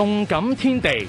動感天地，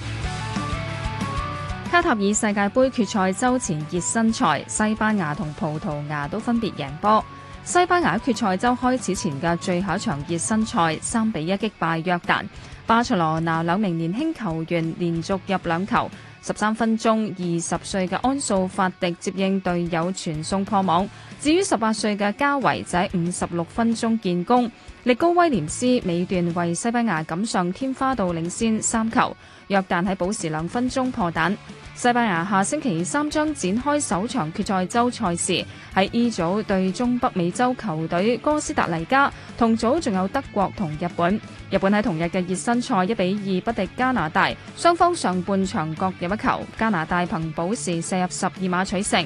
卡塔爾世界杯決賽周前熱身賽，西班牙同葡萄牙都分別贏波。西班牙決賽周開始前嘅最後一場熱身賽，三比一擊敗約旦。巴塞羅那兩名年輕球員連續入兩球，十三分鐘，二十歲嘅安素法迪接應隊友傳送破網。至於十八歲嘅加維仔，五十六分鐘建功。力高威廉斯尾段為西班牙錦上添花，到領先三球。約旦喺補時兩分鐘破蛋。西班牙下星期三將展開首場決賽周賽事，喺 E 組對中北美洲球隊哥斯達黎加，同組仲有德國同日本。日本喺同日嘅熱身賽一比二不敵加拿大，雙方上半場各入一球，加拿大憑補時射入十二碼取勝。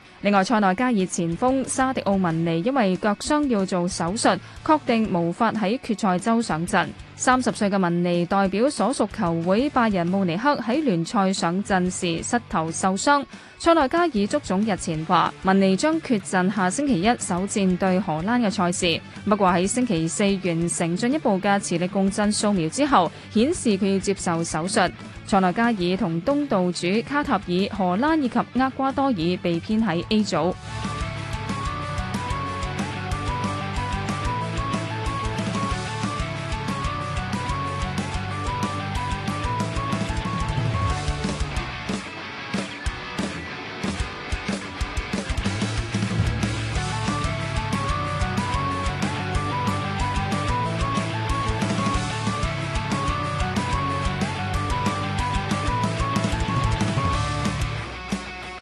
另外，塞內加爾前鋒沙迪奧文尼因為腳傷要做手術，確定無法喺決賽周上陣。三十歲嘅文尼代表所屬球會拜仁慕尼克喺聯賽上陣時膝頭受傷。塞內加爾足總日前話，文尼將缺陣下星期一首戰對荷蘭嘅賽事。不過喺星期四完成進一步嘅磁力共振掃描之後，顯示佢要接受手術。塞內加爾同東道主卡塔爾、荷蘭以及厄瓜多爾被編喺 A 組。